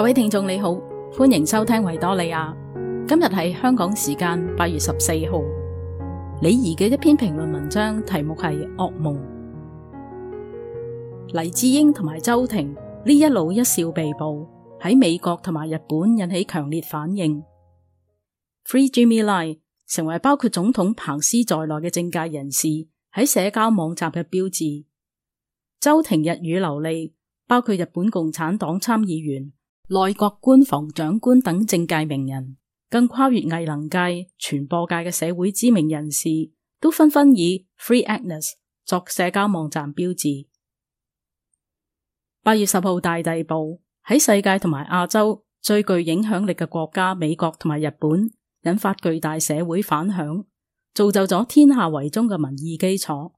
各位聽眾你好，歡迎收聽維多利亞。今日係香港時間八月十四號。李怡嘅一篇評論文章，題目係《噩夢》。黎智英同埋周庭呢一老一少被捕，喺美國同埋日本引起強烈反應。Free Jimmy Lai 成為包括總統彭斯在內嘅政界人士喺社交網站嘅標誌。周庭日語流利，包括日本共產黨參議員。內閣官房長官等政界名人，更跨越藝能界、傳播界嘅社會知名人士，都紛紛以 Free Agnes 作社交網站標誌。八月十號大逮捕喺世界同埋亞洲最具影響力嘅國家美國同埋日本，引發巨大社會反響，造就咗天下為中嘅民意基礎。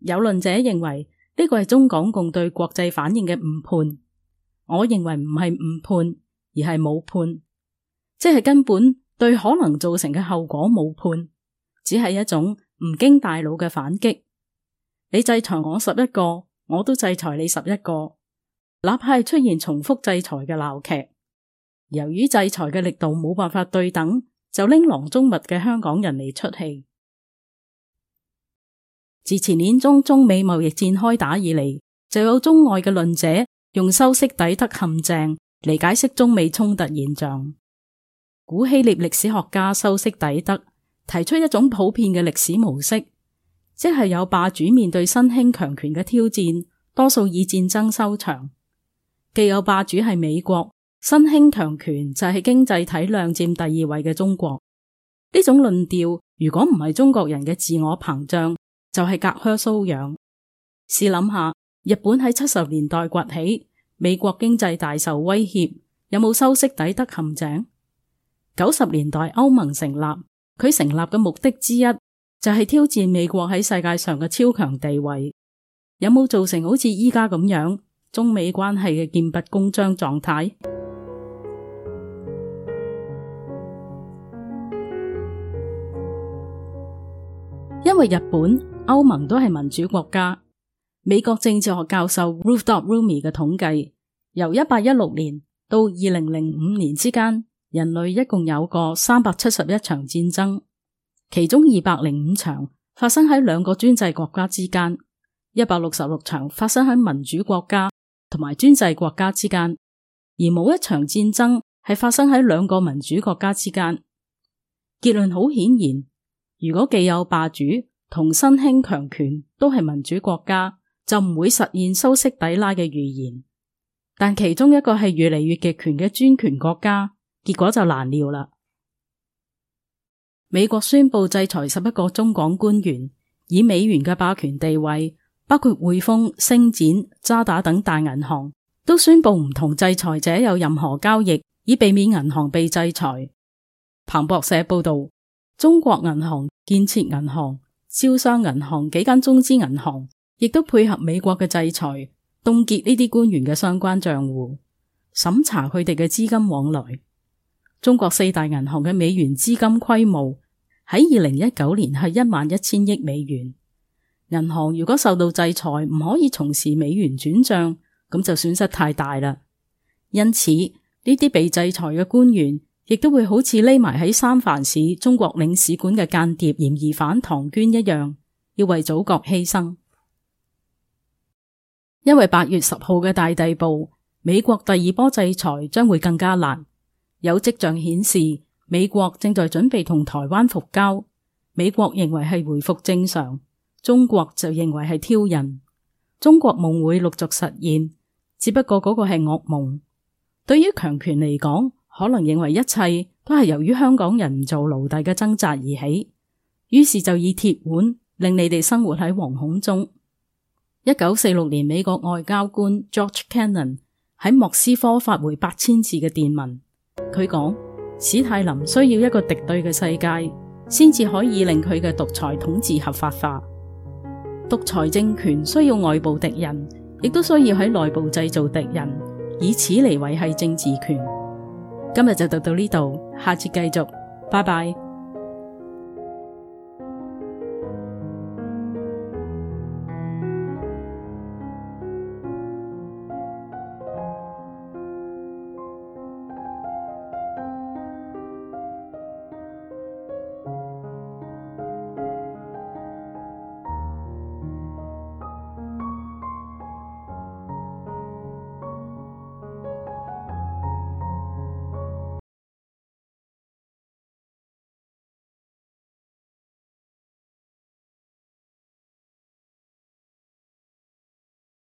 有論者認為呢個係中港共對國際反應嘅誤判。我認為唔係誤判，而係冇判，即係根本對可能造成嘅後果冇判，只係一種唔經大腦嘅反擊。你制裁我十一個，我都制裁你十一個，哪怕出現重複制裁嘅鬧劇。由於制裁嘅力度冇辦法對等，就拎囊中物嘅香港人嚟出氣。自前年中中美貿易戰開打以嚟，就有中外嘅論者。用修昔底德陷阱嚟解釋中美衝突現象。古希臘歷史學家修昔底德提出一種普遍嘅歷史模式，即係有霸主面對新興強權嘅挑戰，多數以戰爭收場。既有霸主係美國，新興強權就係經濟體量占第二位嘅中國。呢種論調，如果唔係中國人嘅自我膨脹，就係、是、隔靴搔癢。試諗下，日本喺七十年代崛起。美國經濟大受威脅，有冇修昔底德陷阱？九十年代歐盟成立，佢成立嘅目的之一就係挑戰美國喺世界上嘅超強地位，有冇造成好似依家咁樣中美關係嘅劍拔弩張狀態？因為日本、歐盟都係民主國家。美國政治學教授 Rooftop Rumi 嘅統計，由一八一六年到二零零五年之間，人類一共有過三百七十一場戰爭，其中二百零五場發生喺兩個專制國家之間，一百六十六場發生喺民主國家同埋專制國家之間，而冇一場戰爭係發生喺兩個民主國家之間。結論好顯然，如果既有霸主同新興強權都係民主國家。就唔會實現修昔底德嘅預言，但其中一個係越嚟越極權嘅專權國家，結果就難料啦。美國宣佈制裁十一個中港官員，以美元嘅霸權地位，包括匯豐、星展、渣打等大銀行都宣佈唔同制裁者有任何交易，以避免銀行被制裁。彭博社報道，中國銀行、建設銀行、招商銀行幾間中資銀行。亦都配合美國嘅制裁，凍結呢啲官員嘅相關賬戶，審查佢哋嘅資金往來。中國四大銀行嘅美元資金規模喺二零一九年係一萬一千億美元。銀行如果受到制裁，唔可以從事美元轉賬，咁就損失太大啦。因此，呢啲被制裁嘅官員亦都會好似匿埋喺三藩市中國領事館嘅間諜嫌疑犯唐娟一樣，要為祖國犧牲。因為八月十號嘅大地步，美國第二波制裁將會更加難。有跡象顯示，美國正在準備同台灣復交。美國認為係回復正常，中國就認為係挑釁。中國夢會陸續實現，只不過嗰個係噩夢。對於強權嚟講，可能認為一切都係由於香港人唔做奴隸嘅掙扎而起，於是就以鐵腕令你哋生活喺惶恐中。一九四六年，美國外交官 George Kennan 喺莫斯科發回八千字嘅電文，佢講：史太林需要一個敵對嘅世界，先至可以令佢嘅獨裁統治合法化。獨裁政權需要外部敵人，亦都需要喺內部製造敵人，以此嚟維係政治權。今日就讀到呢度，下次繼續，拜拜。